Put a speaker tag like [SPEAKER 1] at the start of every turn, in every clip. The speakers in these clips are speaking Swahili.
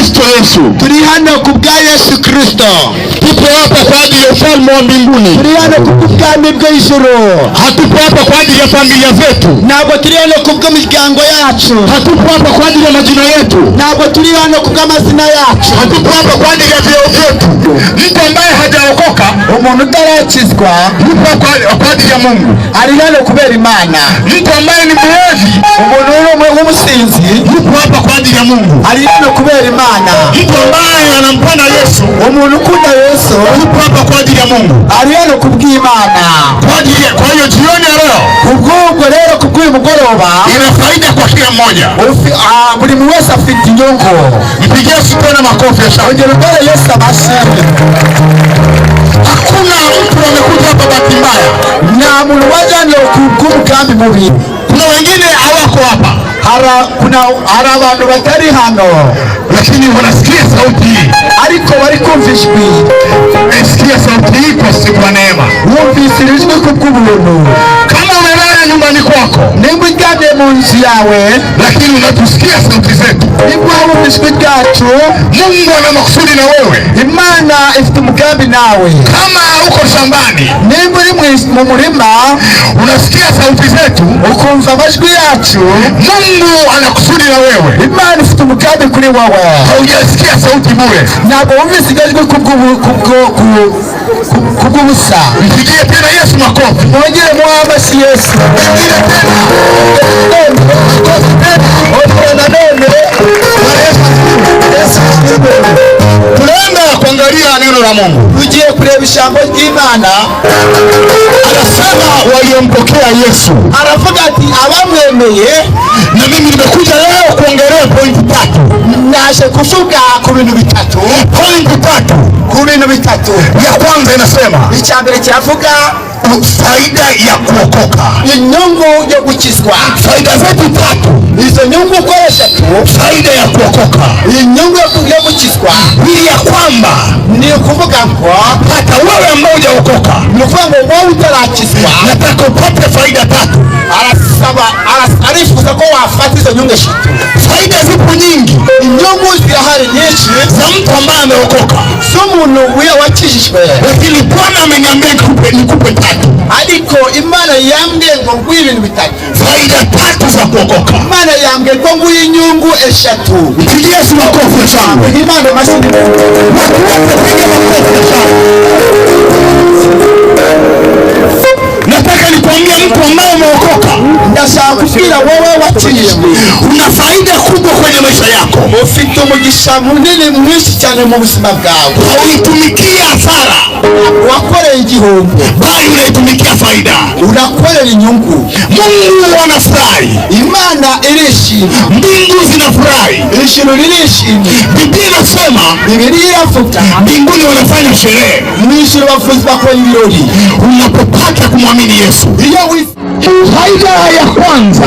[SPEAKER 1] Kristo Yesu.
[SPEAKER 2] Turi hano kubwa Yesu Kristo.
[SPEAKER 1] Tupo hapa kwa ajili ya ufalme wa mbinguni.
[SPEAKER 2] Turi hano kubw'ubwami bw'ijuru.
[SPEAKER 1] Hatupo hapa kwa ajili ya familia zetu.
[SPEAKER 2] Ntabwo turi hano kubw'imiryango yacu.
[SPEAKER 1] Hatupo hapa kwa ajili ya majina yetu.
[SPEAKER 2] Ntabwo turi hano mazina yacu.
[SPEAKER 1] Hatupo hapa kwa ajili ya vyeo vyetu. Mtu ambaye hajaokoka,
[SPEAKER 2] umuntu utarakizwa,
[SPEAKER 1] yupo kwa ajili ya Mungu.
[SPEAKER 2] Ari hano kubera Imana.
[SPEAKER 1] Mtu ambaye ni mwezi,
[SPEAKER 2] umuntu w'umusinzi,
[SPEAKER 1] yupo hapa kwa ajili ya Mungu.
[SPEAKER 2] Ari hano kubera Imana. Imana
[SPEAKER 1] mtu ambaye anampenda Yesu
[SPEAKER 2] umuntu ukunda Yesu
[SPEAKER 1] yupo hapa kwa ajili ya Mungu
[SPEAKER 2] ari hano kubw'Imana
[SPEAKER 1] kwa ajili kwa hiyo jioni ya leo
[SPEAKER 2] kubw'ubwo rero kubw'uyu mugoroba
[SPEAKER 1] ina faida kwa kila mmoja
[SPEAKER 2] ah, buri muntu wese fiti nyongo.
[SPEAKER 1] mpigie Yesu tena makofi ya
[SPEAKER 2] shangwe pale Yesu basi.
[SPEAKER 1] hakuna mtu amekuja hapa bahati mbaya
[SPEAKER 2] na muntu wajaniwe kubw'umugambi mubi
[SPEAKER 1] kuna wengine hawako hapa
[SPEAKER 2] hara kuna hara abantu batari hano
[SPEAKER 1] lakini wanasikia sauti
[SPEAKER 2] ariko bari kumva ijwi
[SPEAKER 1] esikia sauti kwa si neema
[SPEAKER 2] wumvise ijwi kubw'ubuntu tunes yawe,
[SPEAKER 1] lakini unaposikia sauti zetu,
[SPEAKER 2] iwapo mishikiki yacu,
[SPEAKER 1] Mungu ana makusudi na wewe,
[SPEAKER 2] Imana ifite umugambi nawe.
[SPEAKER 1] Kama uko shambani,
[SPEAKER 2] nimba uri mu murima,
[SPEAKER 1] unasikia sauti zetu,
[SPEAKER 2] ukumva amajwi yacu,
[SPEAKER 1] Mungu ana kusudi na wewe,
[SPEAKER 2] Imana ifite umugambi kuri wewe.
[SPEAKER 1] Haujasikia sauti bure,
[SPEAKER 2] ntabwo wumvise igajwi kubw'ubusa.
[SPEAKER 1] Mpigie tena Yesu makofi,
[SPEAKER 2] mwongere si Yesu, mpigie tena Adonne, Adonne,
[SPEAKER 1] Adonne, Adonne, tulenda kuangalia neno la Mungu,
[SPEAKER 2] tujie kureba ijambo ry'Imana.
[SPEAKER 1] Anasema waliompokea Yesu,
[SPEAKER 2] aravuga ati abamwemeye. Eh?
[SPEAKER 1] Na mimi nimekuja leo kuongelea pointi tatu,
[SPEAKER 2] naje kuvuga ku bintu bitatu,
[SPEAKER 1] pointi tatu,
[SPEAKER 2] ku bintu bitatu.
[SPEAKER 1] Ya kwanza inasema,
[SPEAKER 2] icya mbere kiravuga
[SPEAKER 1] faida ya kuokoka,
[SPEAKER 2] inyungu yo gukizwa.
[SPEAKER 1] Faida zetu tatu,
[SPEAKER 2] izo nyungu ukoresha tu,
[SPEAKER 1] faida ya kuokoka,
[SPEAKER 2] inyungu yo gukizwa kuvuga ngo
[SPEAKER 1] hata wewe ambao hujaokoka
[SPEAKER 2] ni ukuvuga ngo nataka
[SPEAKER 1] upate faida tatu
[SPEAKER 2] arasaba arasarifu zako wafatirizo nyunge shitu
[SPEAKER 1] faida zipo nyingi
[SPEAKER 2] viongozi vya hali nyinshi
[SPEAKER 1] za mtu ambaye ameokoka
[SPEAKER 2] somuntu uya wakijijwe
[SPEAKER 1] lakini bwana ameniambia nikupe nikupe tatu
[SPEAKER 2] ariko imana yambwiye ngo ngwire ibintu bitatu
[SPEAKER 1] faida tatu za kuokoka
[SPEAKER 2] imana yambwiye ko nguye inyungu eshatu
[SPEAKER 1] mpigie Yesu makofi shangwe
[SPEAKER 2] imana mashini
[SPEAKER 1] nataka nikwambie mtu ambaye umeokoka
[SPEAKER 2] ndashaka kubwira wewe wakijijwe
[SPEAKER 1] faida kubwa kwenye maisha yako.
[SPEAKER 2] Ufite umugisha munini mwinshi cyane mu buzima bwawe.
[SPEAKER 1] Hauitumikia hasara.
[SPEAKER 2] Wakorera igihombo,
[SPEAKER 1] bali unaitumikia faida.
[SPEAKER 2] Unakorera inyungu.
[SPEAKER 1] Mungu anafurahi.
[SPEAKER 2] Imana irishima.
[SPEAKER 1] Mbingu zinafurahi.
[SPEAKER 2] Ijuru lirishima.
[SPEAKER 1] Biblia inasema,
[SPEAKER 2] Biblia inafuta.
[SPEAKER 1] Mbinguni wanafanya sherehe.
[SPEAKER 2] Mwisho wafuzi bakora birori.
[SPEAKER 1] Unapopata kumwamini Yesu.
[SPEAKER 2] Iyo
[SPEAKER 1] faida ya kwanza.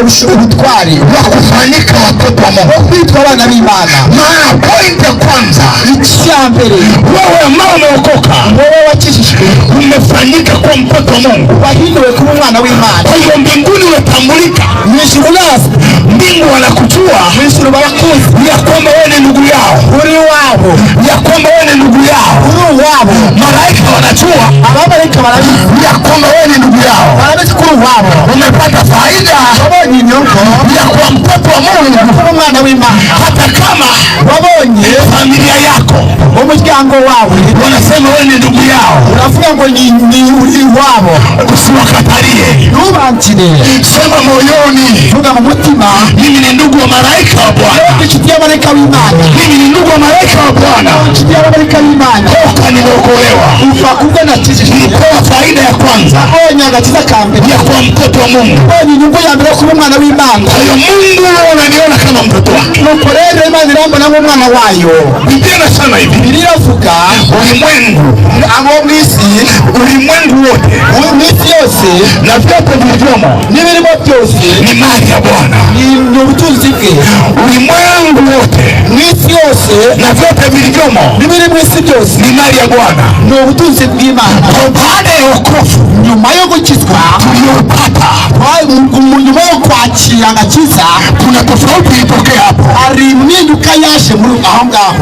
[SPEAKER 2] ubutwari
[SPEAKER 1] wa kufanyika watoto
[SPEAKER 2] wa Mungu, kuitwa wana b'Imana.
[SPEAKER 1] Maana point ya kwanza, cha mbere, wewe ambao umeokoka,
[SPEAKER 2] wewe wachishishwe,
[SPEAKER 1] umefanyika kuwa mtoto wa Mungu,
[SPEAKER 2] wahinduwe kuwa mwana w'Imana.
[SPEAKER 1] Kwa hiyo mbinguni unatambulika, mwisho mbingu wanakujua,
[SPEAKER 2] mwisho wanakuzi
[SPEAKER 1] ya kwamba wewe ni ndugu yao,
[SPEAKER 2] uri wabo,
[SPEAKER 1] ya kwamba wewe ni ndugu yao,
[SPEAKER 2] uri wabo.
[SPEAKER 1] Malaika wanajua,
[SPEAKER 2] malaika wanajua
[SPEAKER 1] ya kwamba wewe ni ndugu yao,
[SPEAKER 2] wanaweza kuwa wabo,
[SPEAKER 1] umepata faida nyoko ya kwa mtoto wa Mungu hata kama wabonye familia yako wako,
[SPEAKER 2] umuryango wawe
[SPEAKER 1] wanasema wewe ni ndugu yao,
[SPEAKER 2] unavuga ngo ni ni wabo,
[SPEAKER 1] usiwakatalie.
[SPEAKER 2] Ntubakire,
[SPEAKER 1] sema moyoni,
[SPEAKER 2] vuga mu mutima,
[SPEAKER 1] mimi ni ndugu wa malaika wa Bwana,
[SPEAKER 2] nikitia malaika wa Imani,
[SPEAKER 1] mimi ni ndugu wa malaika wa Bwana,
[SPEAKER 2] nikitia malaika wa Imani,
[SPEAKER 1] toka nimeokolewa,
[SPEAKER 2] ufakuke na tisi
[SPEAKER 1] nipewa faida ya kwanza,
[SPEAKER 2] oya nyangatiza kambe
[SPEAKER 1] ya kuwa mtoto wa Mungu,
[SPEAKER 2] oya ni nyungu ya mbele kuba umwana w'Imana.
[SPEAKER 1] Kwa hiyo Mungu ananiona kama mtoto wake,
[SPEAKER 2] nuko rero Imana irambona nk'umwana wayo.
[SPEAKER 1] Biblia sana hivi
[SPEAKER 2] lililofuka
[SPEAKER 1] ulimwengu ambao ulimwengu wote
[SPEAKER 2] mwisi yose
[SPEAKER 1] na vyote vilivyomo
[SPEAKER 2] ni vilimo vyose
[SPEAKER 1] ni mali ya Bwana,
[SPEAKER 2] ni utunzi wake.
[SPEAKER 1] Ulimwengu wote
[SPEAKER 2] mwisi yose
[SPEAKER 1] na vyote vilivyomo
[SPEAKER 2] ni vili mwisi vyose
[SPEAKER 1] ni mali ya Bwana,
[SPEAKER 2] ni utunzi bw'Imana.
[SPEAKER 1] Baada ya wokovu,
[SPEAKER 2] nyuma yo gukizwa
[SPEAKER 1] tuliopata
[SPEAKER 2] nyuma yo kwakira agakiza,
[SPEAKER 1] kuna tofauti ilitokea hapo,
[SPEAKER 2] hari impinduka yaje muri aho ngaho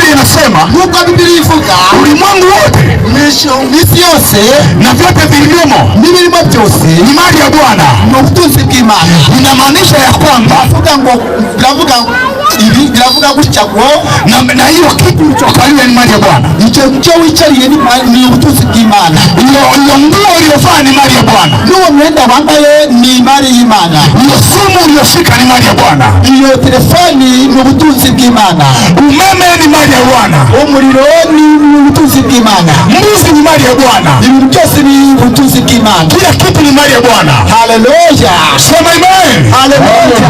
[SPEAKER 2] Biblia inasema huko Biblia ivuga
[SPEAKER 1] ulimwengu wote
[SPEAKER 2] n'isi yose
[SPEAKER 1] na vyote vilivyomo
[SPEAKER 2] n'ibirimo byose
[SPEAKER 1] ni mali ya Bwana,
[SPEAKER 2] ni ubutunzi bw'Imana.
[SPEAKER 1] Inamaanisha ya kwamba
[SPEAKER 2] biravuga gutya ngo
[SPEAKER 1] nayo kitu ulichokalia ni mali ya Bwana,
[SPEAKER 2] icyo cyo wicariye ni ubutunzi bw'Imana,
[SPEAKER 1] iyo nguo uliyovaa ni mali ya Bwana,
[SPEAKER 2] n'uwo mwenda wambaye ni mali y'Imana,
[SPEAKER 1] iyo simu uliyofika ni mali ya Bwana,
[SPEAKER 2] iyo telefoni ni ubutunzi bw'Imana,
[SPEAKER 1] umeme ni mali ya Bwana,
[SPEAKER 2] umuriro ni ubutunzi bw'Imana,
[SPEAKER 1] mbuzi ni mali ya Bwana,
[SPEAKER 2] ibintu byose ni ubutunzi bw'Imana,
[SPEAKER 1] kila kitu ni mali ya Bwana.
[SPEAKER 2] Haleluya,
[SPEAKER 1] sema amen,
[SPEAKER 2] haleluya.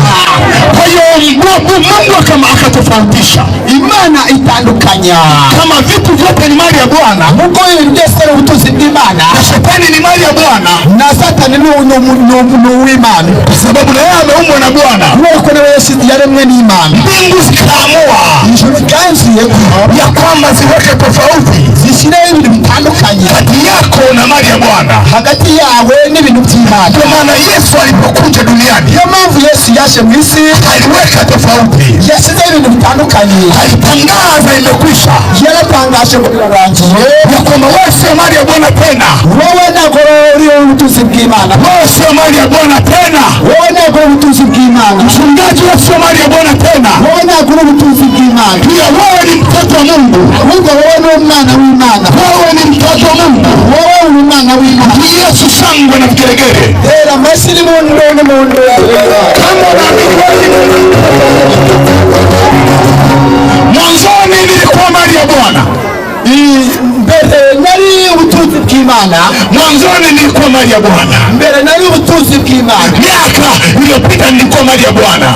[SPEAKER 1] Mungu akatofautisha
[SPEAKER 2] Imana itandukanya
[SPEAKER 1] kama vitu vyote ni mali ya Bwana
[SPEAKER 2] Mungu ibintu byose ari utuzi imana
[SPEAKER 1] na shetani ni mali ya Bwana
[SPEAKER 2] na satani ni uw'Imana
[SPEAKER 1] kwa sababu naye ameumbwa na Bwana
[SPEAKER 2] nuko nawe Yesu ni imani
[SPEAKER 1] mbingu zikaamua
[SPEAKER 2] ijuru likaanziyeko
[SPEAKER 1] ya kwamba ziweke tofauti
[SPEAKER 2] zishireho ibintu bitandukanye
[SPEAKER 1] kati yako na mali ya Bwana,
[SPEAKER 2] hagati yawe n'ibintu by'Imana.
[SPEAKER 1] Ndio maana Yesu alipokuja duniani,
[SPEAKER 2] niyo mpamvu Yesu yaje mu
[SPEAKER 1] aliweka tofauti,
[SPEAKER 2] yashyizeho ibintu bitandukanye,
[SPEAKER 1] alitangaza imekwisha,
[SPEAKER 2] yaratangaje ngo birarangiye,
[SPEAKER 1] ya kwamba wewe sio mali ya Bwana tena,
[SPEAKER 2] wewe ntabwo uri ubutunzi bw'Imana,
[SPEAKER 1] wewe sio mali ya Bwana tena,
[SPEAKER 2] wewe ntabwo uri ubutunzi bw'Imana,
[SPEAKER 1] mchungaji wewe sio mali ya Bwana tena,
[SPEAKER 2] wewe ntabwo uri ubutunzi bw'Imana,
[SPEAKER 1] pia wewe ni mtoto wa Mungu,
[SPEAKER 2] ahubwo wewe ni umwana w'Imana,
[SPEAKER 1] wewe ni mtoto wa Mungu. Mungu na vigelegele.
[SPEAKER 2] Era masili mundu ni mundu.
[SPEAKER 1] Kama unaamini Mwanzoni nilikuwa mali ya Bwana. bw'Imana mwanzoni nilikuwa mali ya Bwana,
[SPEAKER 2] mbele nari ubutunzi bw'Imana.
[SPEAKER 1] Miaka iliyopita nilikuwa mali ya Bwana,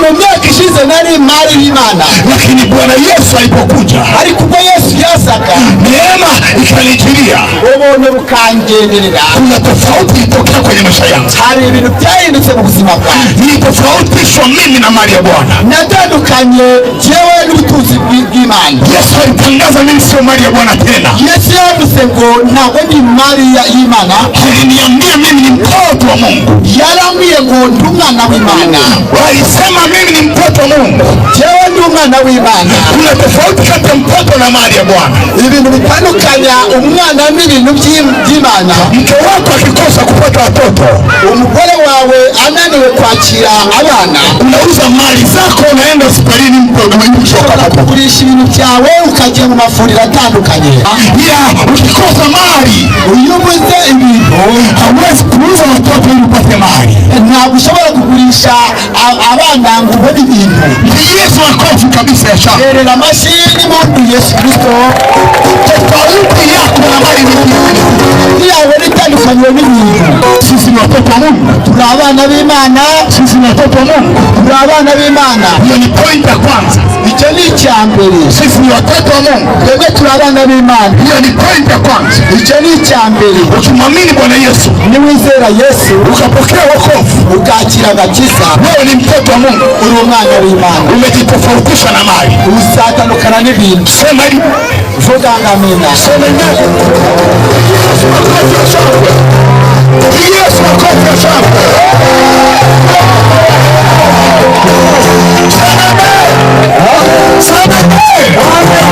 [SPEAKER 2] mu myaka ishize nari mali y'Imana,
[SPEAKER 1] lakini Bwana Yesu alipokuja,
[SPEAKER 2] alikuwa Yesu yazaka
[SPEAKER 1] neema ikanijilia,
[SPEAKER 2] ubuntu bukangenderera.
[SPEAKER 1] Kuna tofauti itokea kwenye maisha yangu,
[SPEAKER 2] hari ibintu byahindutse mu buzima bwanjye,
[SPEAKER 1] nilitofautishwa mimi na mali ya Bwana,
[SPEAKER 2] natandukanye jewe n'ubutunzi bw'Imana
[SPEAKER 1] yesu alitangaza mimi sio mali ya bwana tena
[SPEAKER 2] yesu yavuze ngo ntabwo ndi mali y'Imana
[SPEAKER 1] aliniambia mimi ni mtoto wa mungu
[SPEAKER 2] yarambwiye ngo ndi umwana w'Imana
[SPEAKER 1] walisema mimi ni mtoto wa mungu
[SPEAKER 2] jewe ndi umwana w'Imana
[SPEAKER 1] kuna tofauti kati ya mtoto na mali ya bwana
[SPEAKER 2] ibintu bitandukanya umwana n'ibintu by'Imana
[SPEAKER 1] mke wako akikosa kupata watoto
[SPEAKER 2] umugore wawe ananiwe abana,
[SPEAKER 1] unauza mali zako, unaenda hospitalini, mtu
[SPEAKER 2] kutoka hapo kugurisha ibintu byawe, ukajya mu mavuriro atandukanye.
[SPEAKER 1] Ya ukikosa mali,
[SPEAKER 2] uyoboza ibintu,
[SPEAKER 1] hauwezi kuuza watoto ili upate mali.
[SPEAKER 2] Ntabwo ushobora kugurisha abana ngo ubone ibintu.
[SPEAKER 1] Yesu makofi kabisa
[SPEAKER 2] ya mashini mundu Yesu Kristo.
[SPEAKER 1] Tofauti yako na mali ni
[SPEAKER 2] nini? Yawe n'ibintu.
[SPEAKER 1] Sisi ni watoto wa Mungu
[SPEAKER 2] abana b'Imana,
[SPEAKER 1] sisi ni watoto wa Mungu,
[SPEAKER 2] ni abana b'Imana.
[SPEAKER 1] Hiyo ni point ya kwanza,
[SPEAKER 2] icyo ni icya mbere.
[SPEAKER 1] Sisi ni watoto wa Mungu,
[SPEAKER 2] twebwe turi abana b'Imana.
[SPEAKER 1] Hiyo ni point ya kwanza,
[SPEAKER 2] icyo ni icya mbere.
[SPEAKER 1] Ukimwamini Bwana Yesu,
[SPEAKER 2] ni wizera Yesu,
[SPEAKER 1] ukapokea wokovu,
[SPEAKER 2] ukakira agakiza,
[SPEAKER 1] wewe ni mtoto wa Mungu,
[SPEAKER 2] uri umwana w'Imana,
[SPEAKER 1] umejitofautisha na mali,
[SPEAKER 2] usatandukana n'ibintu. Sema vuga ngamina,
[SPEAKER 1] sema Pigia
[SPEAKER 2] Yesu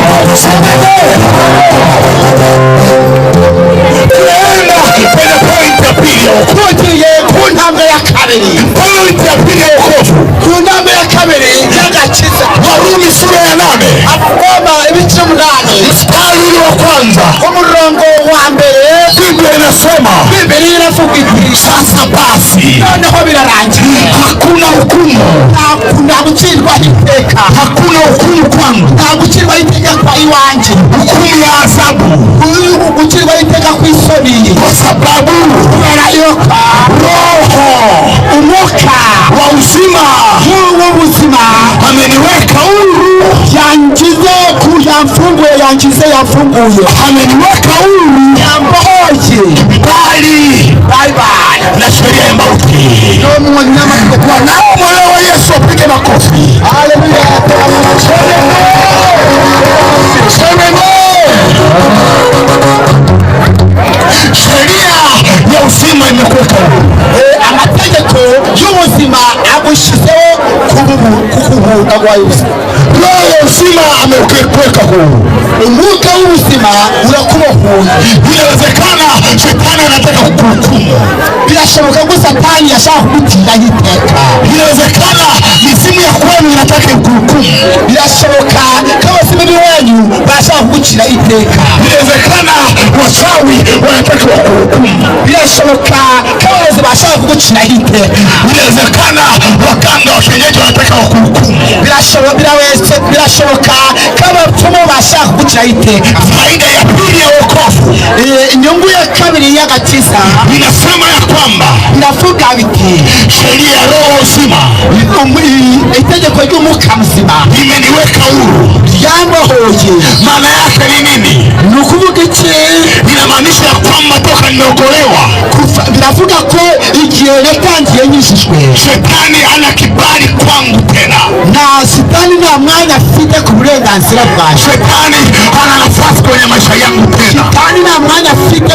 [SPEAKER 2] noneho birarangiye
[SPEAKER 1] hakuna hukumu
[SPEAKER 2] nta gucirwa iteka
[SPEAKER 1] hakuna hukumu kwangu
[SPEAKER 2] nta gucirwa iteka kwa iwanjye
[SPEAKER 1] hukumu ya adhabu
[SPEAKER 2] gucirwa iteka kw'isoni
[SPEAKER 1] kwa sababu
[SPEAKER 2] kunayoka
[SPEAKER 1] roho umuka wa uzima
[SPEAKER 2] huu w'ubuzima
[SPEAKER 1] ameniweka huru
[SPEAKER 2] yangize yamfunguye yangize yafunguye
[SPEAKER 1] ameniweka huru
[SPEAKER 2] yambohoye
[SPEAKER 1] bali bye bye tunasubiria mauti.
[SPEAKER 2] Nao
[SPEAKER 1] mwanao wa Yesu apige makofi. Sheria ya uzima imekuwepo.
[SPEAKER 2] Eh, Amategeko y'ubuzima Roho ya uzima Umwuka w'ubuzima
[SPEAKER 1] Inawezekana Shetani anataka kukuhukumu.
[SPEAKER 2] Bila shaka ukagusa pani ashahuti na hiteka.
[SPEAKER 1] Inawezekana mizimu ya kwenu inataka kukuhukumu.
[SPEAKER 2] Bila shaka kama si mimi wenu basi huti na hiteka.
[SPEAKER 1] Inawezekana wachawi wanataka kukuhukumu.
[SPEAKER 2] Bila shaka basha kugucina hite
[SPEAKER 1] inawezekana wakanga washenyeji wanataka wakuhukumu
[SPEAKER 2] birashoboka birashoboka kama mfumo bashaka kugucira hite
[SPEAKER 1] faida ya pili ya wokovu
[SPEAKER 2] e, nyungu ya kabiri y'agakiza
[SPEAKER 1] inasema ya kwamba
[SPEAKER 2] ndavuga biti
[SPEAKER 1] sheria ya roho uzima
[SPEAKER 2] itegeko ry'umwuka mzima
[SPEAKER 1] imeniweka huru
[SPEAKER 2] ryambohoye
[SPEAKER 1] maana yake ni nini ni ukuvuga unapotoka nimeokolewa,
[SPEAKER 2] biravuga ko igihe natangiye nyujijwe
[SPEAKER 1] shetani ana kibali kwangu tena,
[SPEAKER 2] na shetani nta mwanya afite ku burenganzira bwa
[SPEAKER 1] Shetani ana nafasi kwenye maisha yangu tena,
[SPEAKER 2] shetani nta mwanya afite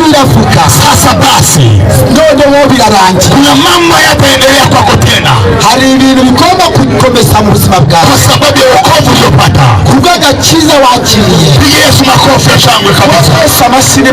[SPEAKER 2] biravuga
[SPEAKER 1] sasa basi
[SPEAKER 2] ndodomo birarangiye
[SPEAKER 1] kuna mambo yataendelea kwako tena
[SPEAKER 2] hari ibintu bigomba kukomeza mu buzima bwawe
[SPEAKER 1] kwa sababu ya wokovu uliopata
[SPEAKER 2] kubw'agakiza wakiriye
[SPEAKER 1] yesu makofi ya ashangwe kabisa wese amasirimu